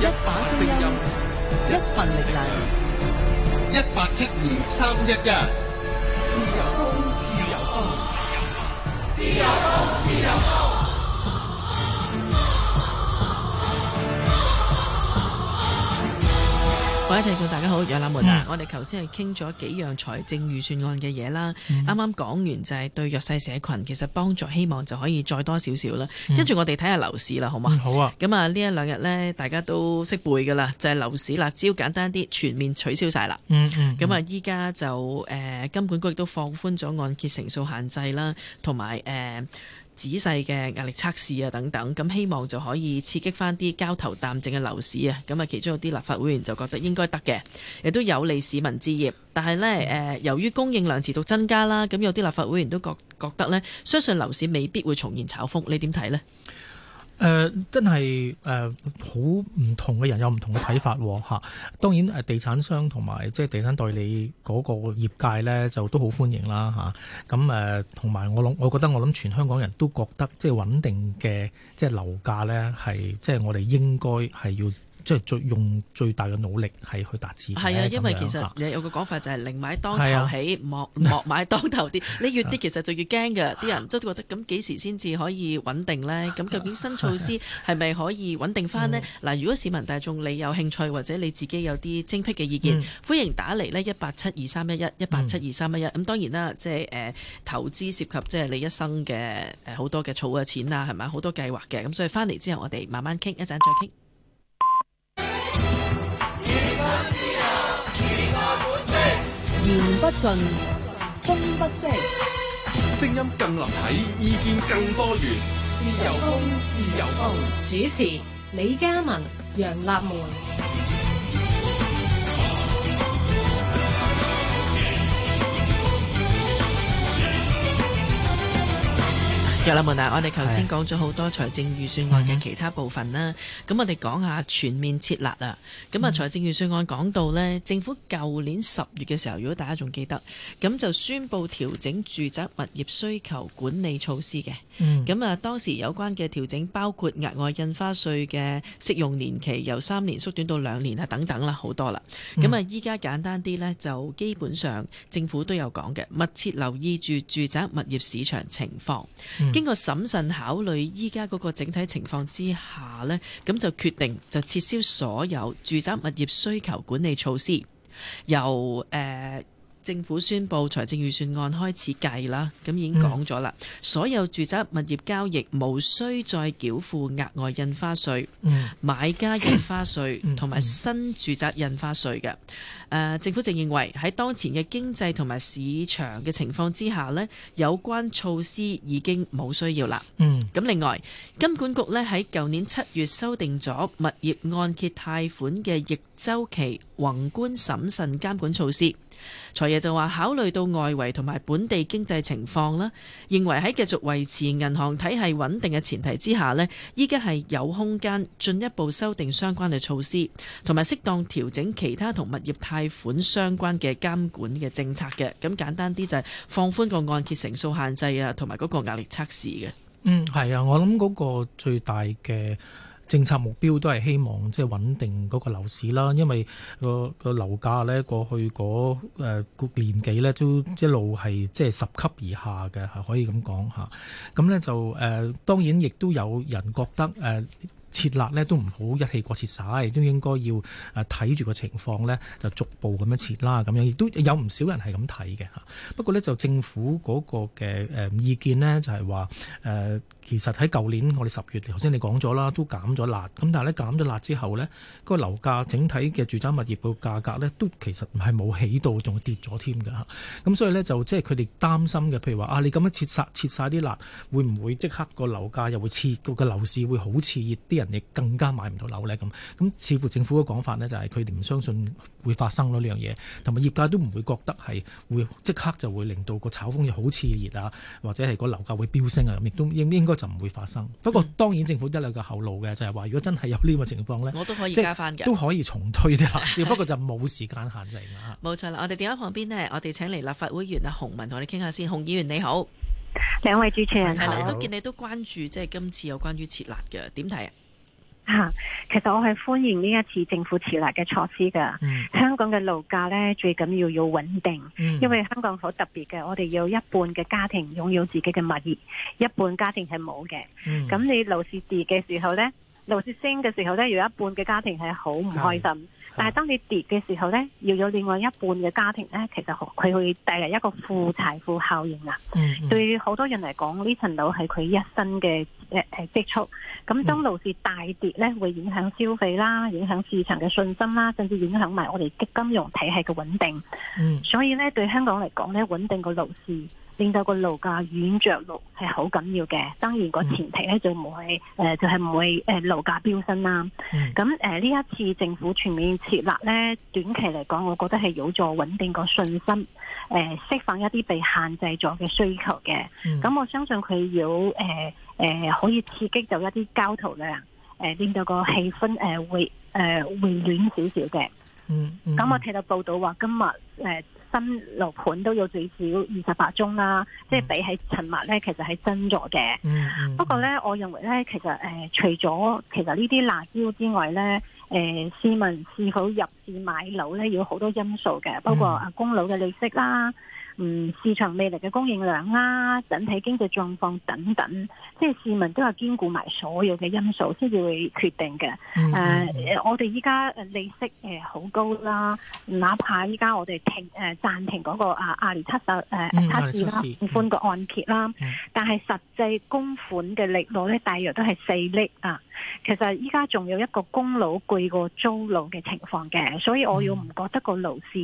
一把聲音，一份力量，樂一八七二三一一。自由風，自由風，自由風，自由風，自由風。自由各位聽眾，大家好，楊立、嗯、文啊，嗯、我哋頭先係傾咗幾樣財政預算案嘅嘢啦，啱啱講完就係對弱勢社群，其實幫助希望就可以再多少少啦。跟住，嗯、我哋睇下樓市啦，好嘛，嗯？好啊。咁啊，呢一兩日呢，大家都識背噶啦，就係、是、樓市啦，只要簡單啲，全面取消晒啦，嗯。嗯嗯。咁啊，依家就誒、呃，金管局亦都放寬咗按揭成數限制啦，同埋誒。呃仔細嘅壓力測試啊，等等，咁希望就可以刺激返啲交投淡靜嘅樓市啊，咁啊，其中有啲立法會員就覺得應該得嘅，亦都有利市民置業，但係呢，誒，由於供應量持續增加啦，咁有啲立法會員都覺覺得呢，相信樓市未必會重現炒風，你點睇呢？誒、呃、真係誒好唔同嘅人有唔同嘅睇法喎，啊、當、啊、當然地產商同埋即係地產代理嗰個業界咧就都好歡迎啦嚇，咁誒同埋我諗我覺得我諗全香港人都覺得即係穩定嘅即係樓價咧係即係我哋應該係要。即係最用最大嘅努力係去達至係啊，因為其實有個講法就係寧買當頭起，莫莫、啊、買當頭跌。 你越跌其實就越驚嘅啲人都覺得咁幾時先至可以穩定呢？咁究竟新措施係咪可以穩定翻呢？嗱、 嗯，如果市民大眾你有興趣或者你自己有啲精辟嘅意見，嗯、歡迎打嚟呢：11,「一八七二三一一一八七二三一一。咁當然啦，即係誒、呃、投資涉及即係你一生嘅誒好多嘅儲嘅錢啊，係咪？好多計劃嘅咁。所以翻嚟之後，我哋慢慢傾一陣再傾。言不盡，風不息，聲音更立體，意見更多元，自由風，自由風主持：李嘉文、楊立門。我哋頭先講咗好多財政預算案嘅其他部分啦。咁的我哋講下全面撤辣啦。咁啊、嗯，財政預算案講到呢政府舊年十月嘅時候，如果大家仲記得，咁就宣布調整住宅物業需求管理措施嘅。咁啊、嗯，當時有關嘅調整包括額外印花稅嘅適用年期由三年縮短到兩年啊，等等啦，好多啦。咁啊、嗯，依家簡單啲呢，就基本上政府都有講嘅，密切留意住住宅物業市場情況。嗯經過審慎考慮，依家嗰個整體情況之下呢，咁就決定就撤銷所有住宅物業需求管理措施，由誒。呃政府宣佈財政預算案開始計啦，咁已經講咗啦。嗯、所有住宅物業交易無需再繳付額外印花稅，嗯、買家印花稅同埋新住宅印花稅嘅。誒、呃，政府正認為喺當前嘅經濟同埋市場嘅情況之下呢，有關措施已經冇需要啦。嗯，咁另外，金管局呢喺舊年七月修訂咗物業按揭貸款嘅逆周期宏觀審慎監管措施。財爺就話，考慮到外圍同埋本地經濟情況啦，認為喺繼續維持銀行體系穩定嘅前提之下呢，依家係有空間進一步修訂相關嘅措施，同埋適當調整其他同物業貸款相關嘅監管嘅政策嘅。咁簡單啲就係放寬個按揭成數限制啊，同埋嗰個壓力測試嘅。嗯，係啊，我諗嗰個最大嘅。政策目標都係希望即係穩定嗰個樓市啦，因為個個樓價咧過去嗰誒年紀咧都一路係即係拾級而下嘅，係可以咁講吓。咁咧就誒、呃、當然亦都有人覺得誒。呃撤辣咧都唔好一氣過撤晒，都應該要誒睇住個情況咧，就逐步咁樣撤啦，咁樣亦都有唔少人係咁睇嘅嚇。不過咧就政府嗰個嘅誒意見呢，就係話誒其實喺舊年我哋十月頭先你講咗啦，都減咗辣。咁但係咧減咗辣之後呢，個樓價整體嘅住宅物業個價格咧，都其實係冇起到，仲跌咗添嘅嚇。咁所以咧就即係佢哋擔心嘅，譬如話啊，你咁樣撤曬撤曬啲辣，會唔會即刻個樓價又會切？個樓市會好似熱啲？人亦更加買唔到樓咧咁，咁似乎政府嘅講法呢，就係佢哋唔相信會發生囉呢樣嘢，同埋業界都唔會覺得係會即刻就會令到個炒風又好熾熱啊，或者係個樓價會飆升啊，咁亦都應應該就唔會發生。不過當然政府一兩個後路嘅就係話，如果真係有呢個情況呢，我都可以加翻嘅，都可以重推啲樓市， 不過就冇時間限制嘅。冇錯啦，我哋電話旁邊呢，我哋請嚟立法會議員啊洪雯同你傾下先。洪議員你好，兩位主持人，係啦好，我都見你都關注即係今次有關於撤辣嘅點睇啊？吓，其實我係歡迎呢一次政府撤辣嘅措施噶。嗯、香港嘅樓價呢，最緊要要穩定，嗯、因為香港好特別嘅，我哋有一半嘅家庭擁有自己嘅物業，一半家庭係冇嘅。咁、嗯、你樓市跌嘅時候呢，樓市升嘅時候呢，有一半嘅家庭係好唔開心。是但係當你跌嘅時候呢，要有另外一半嘅家庭呢，其實佢會帶嚟一個負財富效應啊。嗯嗯、對好多人嚟講，呢層樓係佢一生嘅誒誒積蓄。咁、嗯、當樓市大跌咧，會影響消費啦，影響市場嘅信心啦，甚至影響埋我哋金融體系嘅穩定。嗯，所以咧對香港嚟講咧，穩定個樓市令到個樓價軟着陸係好緊要嘅。當然個前提咧就唔係誒，就係、是、唔會誒樓價飆升啦。咁誒呢一次政府全面撤辣咧，短期嚟講，我覺得係有助穩定個信心，誒、呃、釋放一啲被限制咗嘅需求嘅。咁、嗯、我相信佢要。誒、呃。誒、呃，可以刺激到一啲交投量，誒、呃，令到個氣氛誒、呃，會誒回、呃、暖少少嘅。嗯，咁我睇到報道話今日誒、呃、新樓盤都有最少二十八宗啦，即係比起尋日咧，其實係增咗嘅。嗯，不過咧，我認為咧，其實誒、呃、除咗其實呢啲辣招之外咧，誒、呃、市民是否入市買樓咧，要好多因素嘅，嗯、包括啊供樓嘅利息啦。嗯，市場未來嘅供應量啦、啊，整體經濟狀況等等，即係市民都係兼顧埋所有嘅因素先至會決定嘅。誒、嗯嗯嗯呃，我哋依家利息好高啦，哪怕依家我哋停暫停嗰、那個啊壓力測試誒測試寬個按揭啦，啦嗯嗯嗯嗯但係實際供款嘅力度咧，大約都係四厘啊。其實依家仲有一個供樓貴過租樓嘅情況嘅，所以我又唔覺得個樓市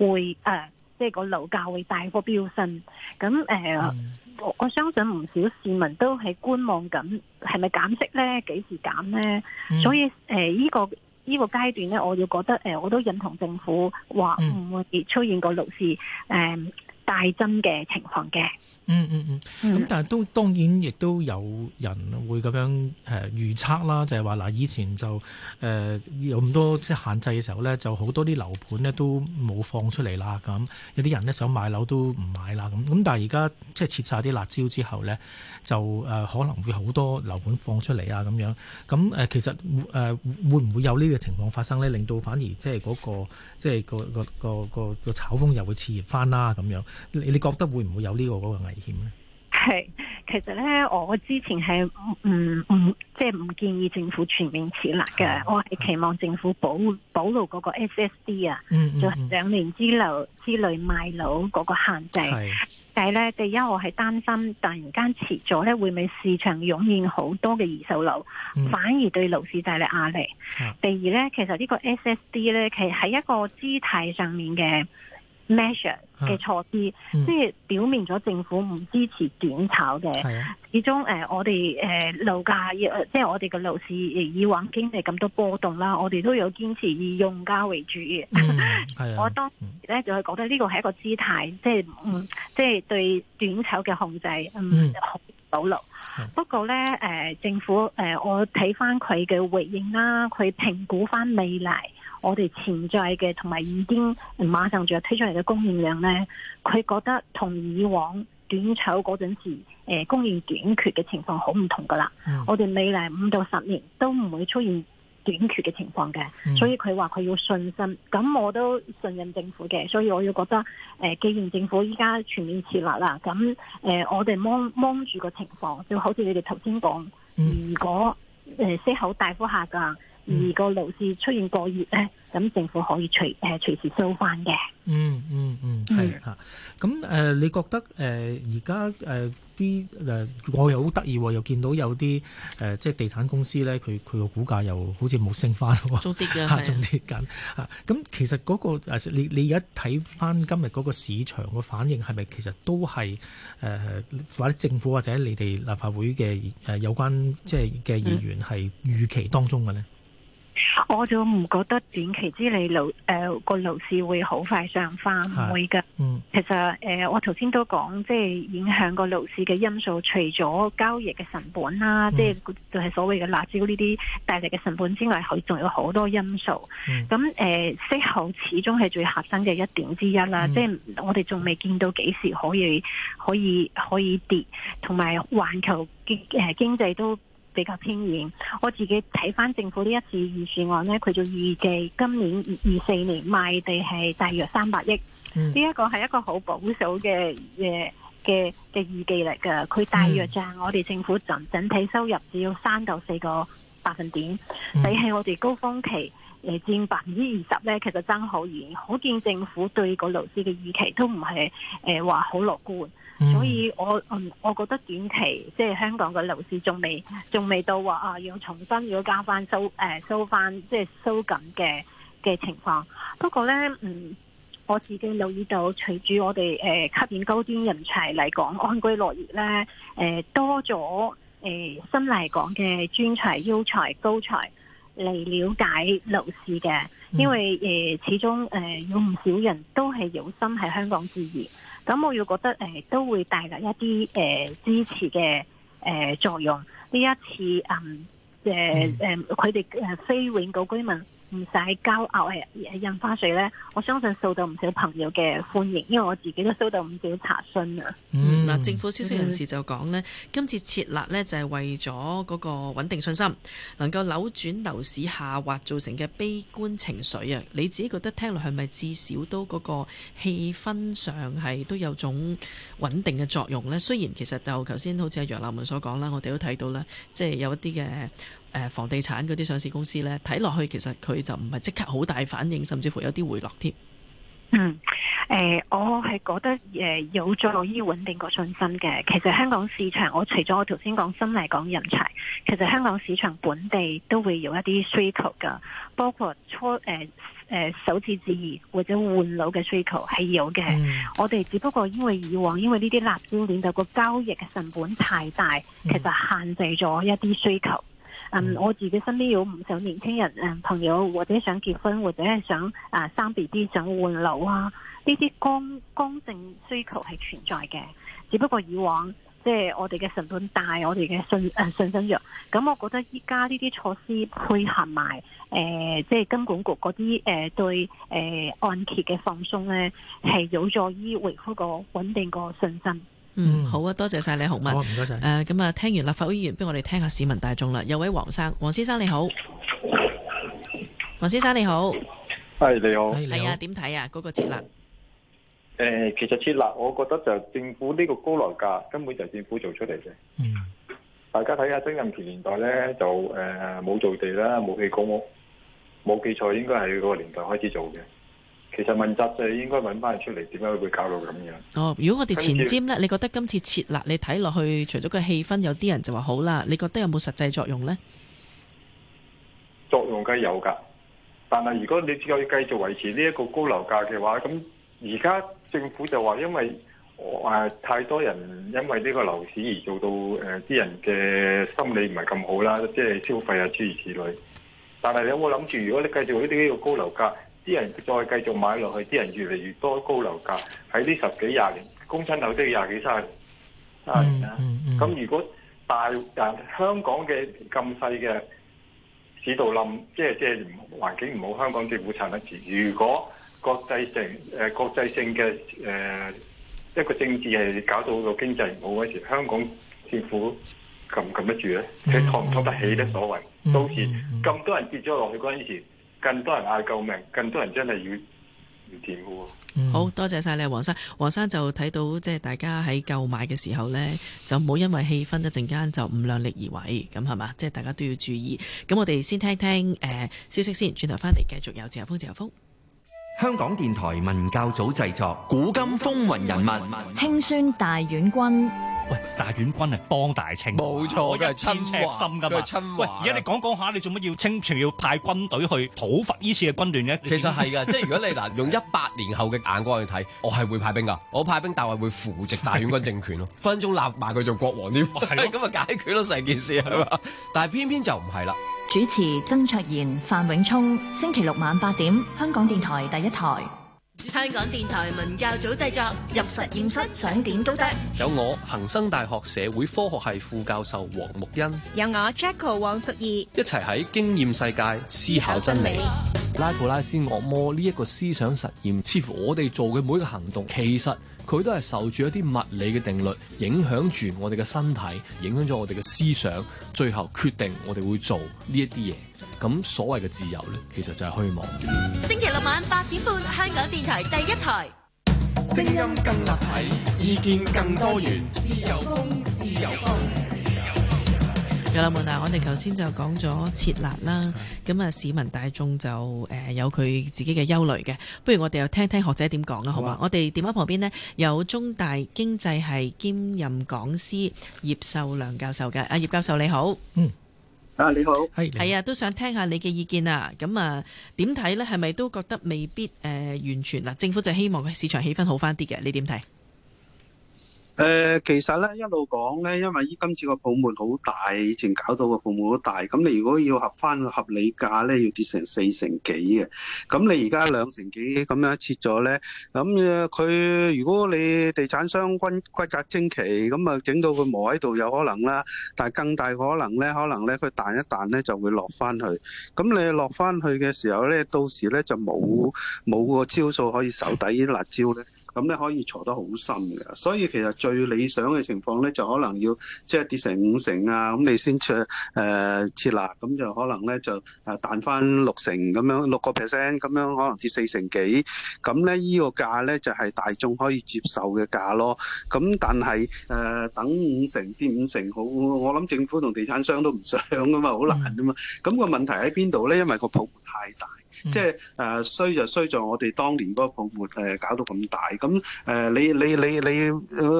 會誒。呃即係個樓價會大幅飆升，咁誒、呃嗯，我我相信唔少市民都係觀望緊，係咪減息咧？幾時減咧？嗯、所以誒，呃這個這個、呢個呢個階段咧，我要覺得誒、呃，我都認同政府話唔會出現個樓市。嗯」誒、呃。大增嘅情況嘅、嗯，嗯嗯嗯，咁、嗯、但係都當然亦都有人會咁樣誒預測啦，呃、ized, 就係話嗱，以前就誒、呃、有咁多即限制嘅時候咧，就好多啲樓盤咧都冇放出嚟啦，咁有啲人咧想買樓都唔買啦，咁咁但係而家即係撤晒啲辣椒之後咧，就誒可能會好多樓盤放出嚟啊，咁樣，咁誒、呃、其實誒會唔、呃、會,會有呢個情況發生咧，令到反而即係嗰個即係、嗰個個個個個炒風又會熾熱翻啦，咁樣？你你覺得會唔會有呢個個危險呢？係，其實呢，我之前係唔唔即係唔建議政府全面撤辣嘅。是的我係期望政府保保留嗰個 D, S、嗯、S D 啊，就兩年之樓、嗯嗯、之內賣樓嗰個限制。的但係呢，第一我係擔心突然間撤咗呢，會唔會市場湧現好多嘅二手樓，嗯、反而對樓市帶嚟壓力？啊、第二呢，其實呢個 S S D 呢，其實喺一個姿態上面嘅。measure 嘅措施，啊嗯、即係表明咗政府唔支持短炒嘅。始終誒，我哋誒樓價，即係我哋嘅樓市，以往經歷咁多波動啦，我哋都有堅持以用家為主嘅。嗯、啊， 我當時咧就係、是、覺得呢個係一個姿態，即係嗯，即係對短炒嘅控制嗯，嗯保留。啊、不過咧誒、呃，政府誒、呃，我睇翻佢嘅回應啦，佢評估翻未來。我哋潛在嘅同埋已經馬上就要推出嚟嘅供應量呢，佢覺得同以往短炒嗰陣時、呃、供應短缺嘅情況好唔同噶啦。嗯、我哋未來五到十年都唔會出現短缺嘅情況嘅，所以佢話佢要信心。咁我都信任政府嘅，所以我要覺得誒、呃，既然政府依家全面撤辣啦，咁誒、呃、我哋望住個情況，就好似你哋頭先講，如果誒息、呃、口大幅下降。而個樓市出現過熱咧，咁政府可以隨誒隨時收翻嘅、嗯。嗯嗯嗯，係啊。咁、呃、你覺得而家啲我又好得意，又見到有啲、呃、即係地產公司咧，佢佢個股價又好似冇升翻喎，仲跌嘅，嚇啲嘅。咁的、啊、其實嗰、嗰個你你而家睇翻今日嗰個市場嘅反應係咪其實都係誒、呃，或者政府或者你哋立法會嘅有關即係嘅議員係預期當中嘅呢？嗯我就唔覺得短期之內，樓誒個樓市會好快上翻，會噶。嗯、其實誒、呃，我頭先都講，即係影響個樓市嘅因素，除咗交易嘅成本啦，即係就係所謂嘅辣椒呢啲大力嘅成本之外，佢仲有好多因素。咁誒、嗯呃，息口始終係最核心嘅一點之一啦。嗯、即係我哋仲未見到幾時可以可以可以跌，同埋環球經誒經濟都。比較偏遠，我自己睇返政府呢一次預算案呢佢就預計今年二二四年賣地係大約三百億，呢、嗯、一個係一個好保守嘅嘅嘅嘅預計嚟㗎。佢、呃、大約就我哋政府整整體收入只要三到四個百分點，比起、嗯、我哋高峰期誒佔百分之二十呢，其實爭好遠，可見政府對個樓市嘅預期都唔係誒話好樂觀。所以我嗯，我覺得短期即係香港嘅樓市仲未仲未到話啊，要重新要加翻收誒、呃、收翻即係收緊嘅嘅情況。不過呢，嗯，我自己留意到隨住我哋誒、呃、吸引高端人才嚟講安居樂業呢，誒、呃、多咗誒、呃、新嚟港嘅專才、優才、高才嚟了解樓市嘅，因為誒、呃、始終誒、呃、有唔少人都係有心喺香港置業。咁我要覺得誒、呃、都會帶嚟一啲誒、呃、支持嘅誒、呃、作用。呢一次嗯誒誒，佢哋誒非永久居民。唔使交額外印花稅呢，我相信受到唔少朋友嘅歡迎，因為我自己都收到唔少查詢啊。嗯，嗱、嗯啊，政府消息人士就講呢、嗯、今次設立呢，就係、是、為咗嗰個穩定信心，能夠扭轉樓市下滑造成嘅悲觀情緒啊。你自己覺得聽落係咪至少都嗰個氣氛上係都有種穩定嘅作用呢？雖然其實就頭先好似阿楊立文所講啦，我哋都睇到啦，即、就、係、是、有一啲嘅。誒，房地產嗰啲上市公司咧，睇落去，其實佢就唔係即刻好大反應，甚至乎有啲回落添。嗯、誒、呃，我係覺得誒有助於穩定個信心嘅。其實香港市場，我除咗我頭先講新嚟講人才，其實香港市場本地都會有一啲需求噶，包括初誒誒首次置業或者換樓嘅需求係有嘅。嗯、我哋只不過因為以往因為呢啲辣招令到個交易嘅成本太大，其實限制咗一啲需求。嗯，我自己身邊有唔少年輕人誒朋友，或者想結婚，或者係想啊生 B B，想換樓啊，呢啲剛剛性需求係存在嘅。只不過以往即係、就是、我哋嘅成本大，我哋嘅信誒、呃、信心弱。咁我覺得依家呢啲措施配合埋誒即係金管局嗰啲誒對誒按揭嘅放鬆咧，係有助於維護個穩定個信心。嗯，好啊，多謝晒洪雯。好、啊，唔該晒。誒，咁啊，聽完立法會議員，不如我哋聽下市民大眾啦。有位黃生，黃先生你好，黃先生你好，係你好，係、哎、啊，點睇啊？嗰個設立？誒、嗯，其實設立，我覺得就政府呢個高樓價，根本就政府做出嚟嘅。嗯。大家睇下，曾蔭權年代咧，就誒冇做地啦，冇起公屋，冇記錯，應該係嗰個年代開始做嘅。其實問責就係應該搵翻佢出嚟，點解會搞到咁樣？哦，如果我哋前瞻咧，後你覺得今次設立你睇落去，除咗個氣氛，有啲人就話好啦，你覺得有冇實際作用咧？作用梗有噶，但係如果你只係要繼續維持呢一個高樓價嘅話，咁而家政府就話因為誒、呃、太多人因為呢個樓市而做到誒、啲、呃、人嘅心理唔係咁好啦，即係消費啊諸如此類。但係你有冇諗住，如果你繼續呢啲呢個高樓價？啲人再繼續買落去，啲人越嚟越多高樓價喺呢十幾廿年，公產樓都要廿幾三十年。係啊，嗯，咁，嗯嗯，如果大但香港嘅咁細嘅市道冧，即係即係環境唔好，香港政府撐得住？如果國際性誒、呃、國際性嘅誒、呃、一個政治係搞到個經濟唔好嗰時，香港政府咁唔禁得住咧？佢托唔托得起咧？所謂，嗯嗯嗯，到時咁多人跌咗落去嗰陣時。更多人嗌救命，更多人真係要要填噶。好多謝晒你，黃生。黃生就睇到即係大家喺購買嘅時候呢，就唔好因為氣氛一陣間就唔量力而為，咁係嘛，即係大家都要注意。咁我哋先聽聽誒、呃、消息先，轉頭翻嚟繼續有自由風，自由風。香港電台文教組製作《古今風雲人物》輕，興宣大院君喂，大院君係幫大清冇錯，佢係親清心噶嘛？親喂，而家你講講下，你做乜要清朝要派軍隊去討伐呢次嘅軍亂呢？其實係噶，即係 如果你嗱用一百年後嘅眼光去睇，我係會派兵噶，我派兵但係會扶植大院君政權咯，的分分鐘立埋佢做國王添，咁啊的 解決咯成件事係嘛？ 但係偏偏就唔係啦。主持曾卓然、范永聰，星期六晚八點，香港電台第一台。香港電台文教組製作《入實驗室》，想點都得。有我恒生大學社會科學系副教授黃木恩，有我 Jacko 黃淑儀，一齊喺經驗世界思考真理。拉普拉斯惡魔呢一個思想實驗，似乎我哋做嘅每一個行動，其實。佢都係受住一啲物理嘅定律影響住我哋嘅身體，影響咗我哋嘅思想，最後決定我哋會做呢一啲嘢。咁所謂嘅自由咧，其實就係虛妄。星期六晚八點半，香港電台第一台，聲音更立體，意見更多元，自由風，自由風。嘅啦，嗯、我哋頭先就講咗撤辣啦，咁啊市民大眾就有佢自己嘅憂慮嘅，不如我哋又聽聽學者點講啦，好嘛？好吧我哋電話旁邊呢，有中大經濟系兼任講師葉秀亮教授嘅，阿葉教授你好，嗯，啊你好，係是，係好啊，都想聽下你嘅意見啊，咁啊點睇呢？係咪都覺得未必、呃、完全嗱？政府就希望市場氣氛好翻啲嘅，你點睇？誒、呃、其實咧一路講咧，因為依今次個泡沫好大，以前搞到個泡沫好大，咁你如果要合翻個合理價咧，要跌成四成幾嘅，咁你而家兩成幾咁樣切咗咧，咁佢如果你地產商均骨骼精奇咁啊整到個磨喺度有可能啦，但係更大嘅可能咧，可能咧佢彈一彈咧就會落翻去，咁你落翻去嘅時候咧，到時咧就冇冇個招數可以手底啲辣招咧。咁咧可以挫得好深嘅，所以其實最理想嘅情況咧，就可能要即係跌成五成啊，咁你先出誒、呃、撤啦，咁就可能咧就誒彈翻六成咁樣，六個 percent 咁樣，可能跌四成幾，咁咧依個價咧就係大眾可以接受嘅價咯。咁但係誒、呃、等五成跌五成，好，我諗政府同地產商都唔想噶嘛，好難噶嘛。咁個問題喺邊度咧？因為個泡沫太大。即係誒衰就衰在我哋當年嗰個泡沫誒搞到咁大，咁誒你你你你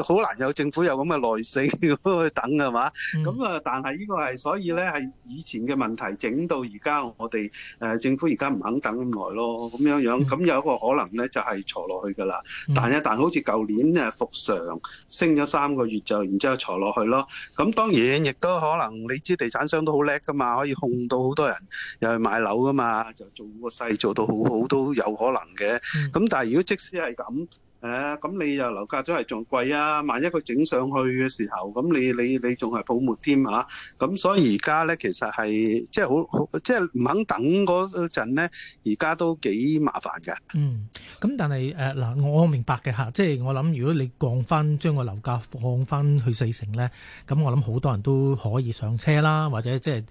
好難有政府有咁嘅耐性去 等㗎嘛吧？咁啊、嗯，但係呢個係所以咧係以前嘅問題整到而家我哋誒政府而家唔肯等咁耐咯，咁樣、嗯、樣咁有一個可能咧就係挫落去㗎啦。嗯、但一但好似舊年誒復常，升咗三個月就然之後挫落去咯。咁當然亦都可能你知地產商都好叻㗎嘛，可以控到好多人又去買樓㗎嘛，就做。細做到好好都有可能嘅，咁但係，如果即使係咁。誒咁，啊、你又樓價真係仲貴啊！萬一佢整上去嘅時候，咁你你你仲係泡沫添嚇？咁，啊、所以而家咧其實係即係好好，即係唔肯等嗰陣咧，而家都幾麻煩嘅。嗯，咁但係誒嗱，我明白嘅嚇，即係我諗如果你降翻將個樓價放翻去四成咧，咁我諗好多人都可以上車啦，或者即係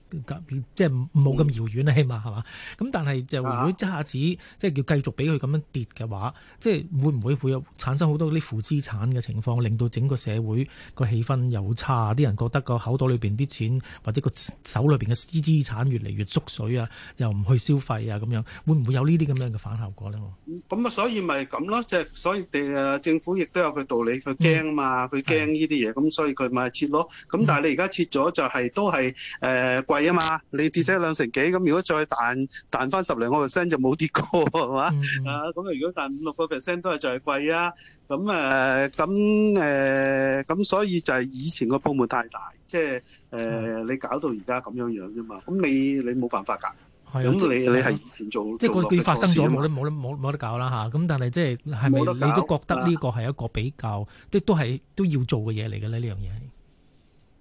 即係冇咁遙遠啦嘛，係嘛，嗯？咁但係就如果一下子即係叫繼續俾佢咁樣跌嘅話，即係會唔會會有？產生好多啲負資產嘅情況，令到整個社會個氣氛又差，啲人覺得個口袋裏邊啲錢或者個手裏邊嘅資產越嚟越縮水啊，又唔去消費啊，咁樣會唔會有呢啲咁樣嘅反效果咧？咁啊，所以咪咁咯，即係所以誒政府亦都有佢道理，佢驚啊嘛，佢驚呢啲嘢，咁、嗯、所以佢咪撤咯。咁、嗯、但係你而家撤咗就係、是、都係誒、呃、貴啊嘛，你跌死兩成幾，咁如果再彈彈翻十零個 percent 就冇跌過係嘛？嗯、啊，咁啊如果彈五六個 percent 都係再係貴。係啊，咁誒，咁誒，咁所以就係以前個泡沫太大，即係誒，你搞到而家咁樣樣啫嘛。咁你你冇辦法㗎。係啊，咁你你係以前做，即係佢發生咗冇得冇得冇冇得搞啦嚇。咁但係即係係咪你都覺得呢個係一個比較即都係都要做嘅嘢嚟嘅咧？呢樣嘢係。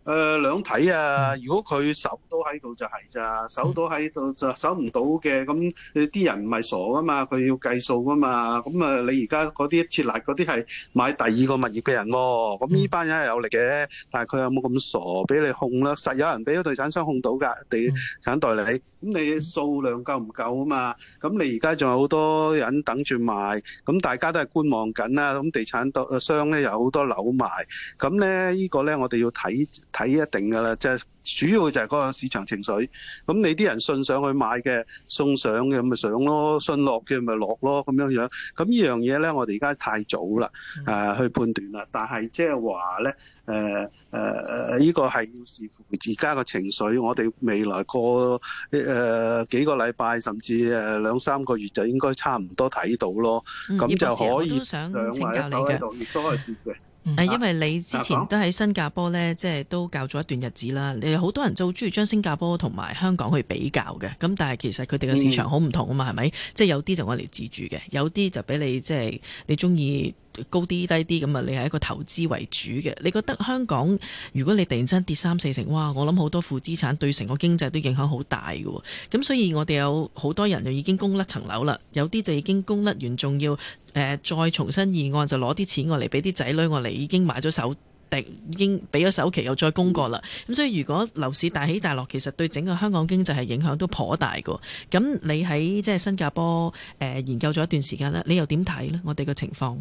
誒兩睇啊！如果佢守到喺度就係咋，守到喺度就守唔到嘅。咁啲人唔係傻噶嘛，佢要計數噶嘛。咁啊，你而家嗰啲撤辣嗰啲係買第二個物業嘅人咯。咁呢班人係有力嘅，但係佢有冇咁傻俾你控咧？實有人俾啲地產商控到㗎，地產代理。咁你數量夠唔夠啊嘛，咁你而家仲有好多人等住賣，咁大家都係觀望緊啦。咁地產商咧有好多樓賣，咁咧呢個咧我哋要睇。睇一定噶啦，即係、主要就係嗰個市場情緒。咁你啲人信上去買嘅，送上嘅咁咪上咯；信落嘅咪落咯。咁樣樣。咁呢樣嘢咧，我哋而家太早啦、呃，去判斷啦。但係即係話咧，誒誒誒，依、呃這個係要視乎而家嘅情緒。我哋未來過誒、呃、幾個禮拜，甚至誒兩三個月，就應該差唔多睇到咯。咁、嗯、就可以上嚟嘅。嗯嗯、因為你之前都喺新加坡咧，即係都教咗一段日子啦。你好多人就好中意將新加坡同埋香港去比較嘅。咁但係其實佢哋嘅市場好唔同啊嘛，係咪、嗯？即係有啲就我嚟自住嘅，有啲就俾你即係你中意。高啲低啲咁啊！你係一個投資為主嘅。你覺得香港，如果你突然之間跌三四成，哇！我諗好多負資產對成個經濟都影響好大嘅。咁所以我哋有好多人又已就已經供甩層樓啦，有啲就已經供甩完，仲要、呃、再重新議案，就攞啲錢過嚟俾啲仔女過嚟，已經買咗首定已經俾咗首期又再供過啦。咁所以如果樓市大起大落，其實對整個香港經濟係影響都頗大嘅。咁你喺即係新加坡、呃、研究咗一段時間呢，你又點睇呢？我哋個情況？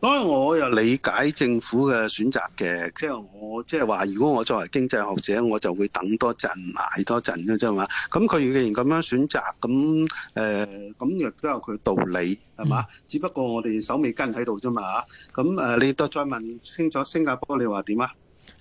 當然我又理解政府嘅選擇嘅，即係我即係話，如果我作為經濟學者，我就會等多陣買多陣嘅啫嘛。咁佢既然咁樣選擇，咁誒咁亦都有佢道理係嘛？嗯、只不過我哋手尾跟喺度啫嘛。咁誒，你都再問清楚新加坡你說，你話點啊？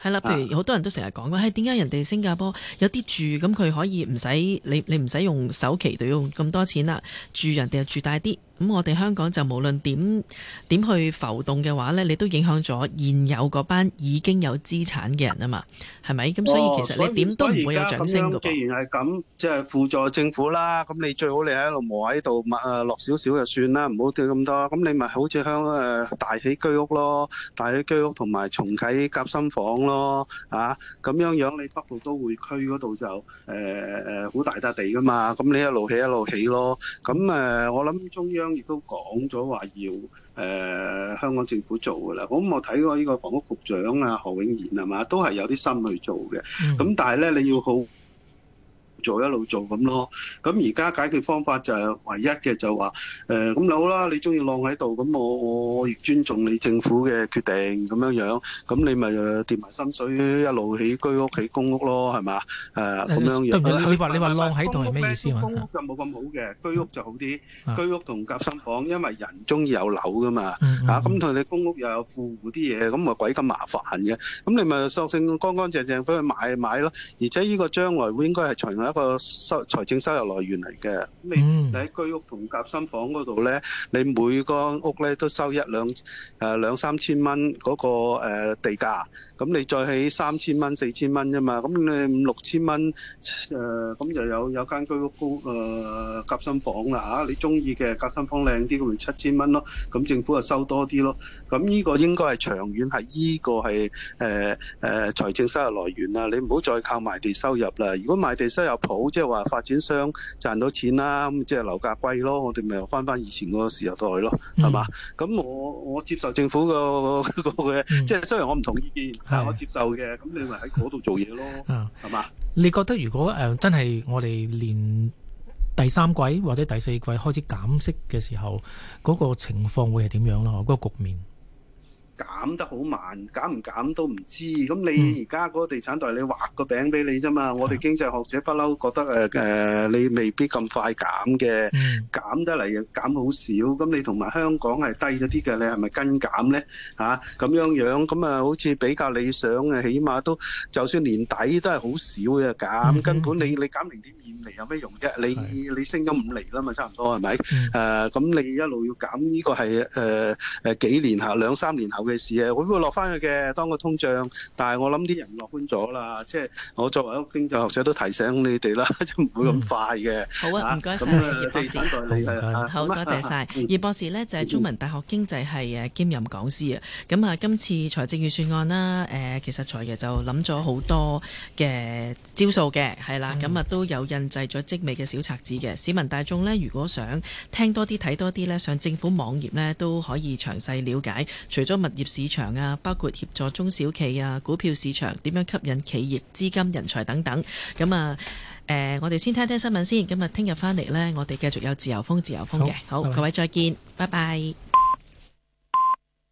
係啦，譬如好多人都成日講啦，係點解人哋新加坡有啲住咁佢可以唔使你你唔使用首期都要咁多錢啦？住人哋又住大啲。咁我哋香港就無論點點去浮動嘅話咧，你都影響咗現有嗰班已經有資產嘅人啊嘛，係咪？咁、哦、所以其實你點都唔會有掌聲嘅。咁、哦、既然係咁，即係輔助政府啦。咁你最好你喺度磨喺度，誒落少少就算啦，唔好掉咁多。咁你咪好似香港誒大起居屋咯，大起居屋同埋重啟夾心房咯，啊咁樣樣你北部都會區嗰度就誒誒好大笪地㗎嘛。咁你一路起一路起咯。咁誒、呃、我諗中央。亦都講咗話要誒、呃、香港政府做嘅啦，咁、嗯、我睇過呢個房屋局長啊何永賢係嘛，都係有啲心去做嘅，咁、嗯嗯、但係咧你要好。做一路做咁咯，咁而家解決方法就係唯一嘅就話，誒、呃、咁好啦，你中意晾喺度，咁我我亦尊重你政府嘅決定咁樣樣，咁你咪掂埋心水一路起居屋，居屋，屋，屋，屋，屋、啊、起公屋咯，係嘛？誒咁樣樣。你話你話晾喺度係咩意思啊？公屋就冇咁好嘅，居屋就好啲。啊、居屋同夾心房，因為人中意有樓噶嘛，嚇咁同你公屋又有富戶啲嘢，咁咪鬼咁麻煩嘅。咁你咪索性乾乾淨淨畀佢買買咯。而且呢個將來應該係個收財政收入來源嚟嘅，你喺居屋同夾心房嗰度咧，你每個屋咧都收一兩誒兩三千蚊嗰個誒地價，咁你再起三千蚊四千蚊啫嘛，咁你五六千蚊誒咁就有有間居屋公誒夾心房啦嚇，你中意嘅夾心房靚啲，咁咪七千蚊咯，咁政府就收多啲咯，咁呢個應該係長遠係呢個係誒誒財政收入來源啦，你唔好再靠賣地收入啦，如果賣地收入好，即係話發展商賺到錢啦，咁即係樓價貴咯，我哋咪又返返以前嗰個時代咯，係嘛、嗯？咁我我接受政府個個嘅， 即係雖然我唔同意嘅，嗯、但我接受嘅，咁的你咪喺嗰度做嘢咯，係嘛、嗯吧啊？你覺得如果誒、呃、真係我哋連第三季或者第四季開始減息嘅時候，嗰、那個情況會係點樣咯？嗰、那個局面？減得好慢，減唔減都唔知。咁你而家嗰個地產代理畫個餅俾你啫嘛？我哋經濟學者不嬲覺得誒、呃、你未必咁快減嘅。減得嚟又減好少。咁你同埋香港係低咗啲嘅，你係咪跟減咧？嚇咁樣樣咁啊，好似比較理想嘅，起碼都就算年底都係好少嘅減。Mm hmm. 根本你你減零點二釐有咩用啫？你的你升咗五釐啦嘛，差唔多係咪？誒咁、mm hmm. 啊、你一路要減呢、這個係誒誒幾年後兩三年後。嘅事啊，會唔會落翻去嘅？當個通脹，但係我諗啲人樂觀咗啦。即係我作為一個經濟學者，都提醒你哋啦，即係 唔會咁快嘅、嗯。好啊，唔該曬葉博士。好，多謝晒。葉博士呢，就係中文大學經濟系兼任講師啊。咁啊、嗯，今次財政預算案啦，誒，其實財爺就諗咗好多嘅招數嘅，係啦。咁啊、嗯，都有印製咗精美嘅小冊子嘅。市民大眾呢，如果想聽多啲、睇多啲呢，上政府網頁呢，都可以詳細了解。除咗物業市場啊，包括協助中小企啊，股票市場點樣吸引企業資金、人才等等。咁啊，誒、呃，我哋先聽聽新聞先。咁啊，聽日翻嚟呢，我哋繼續有自由風、自由風嘅。好，好，拜拜，各位再見，拜拜。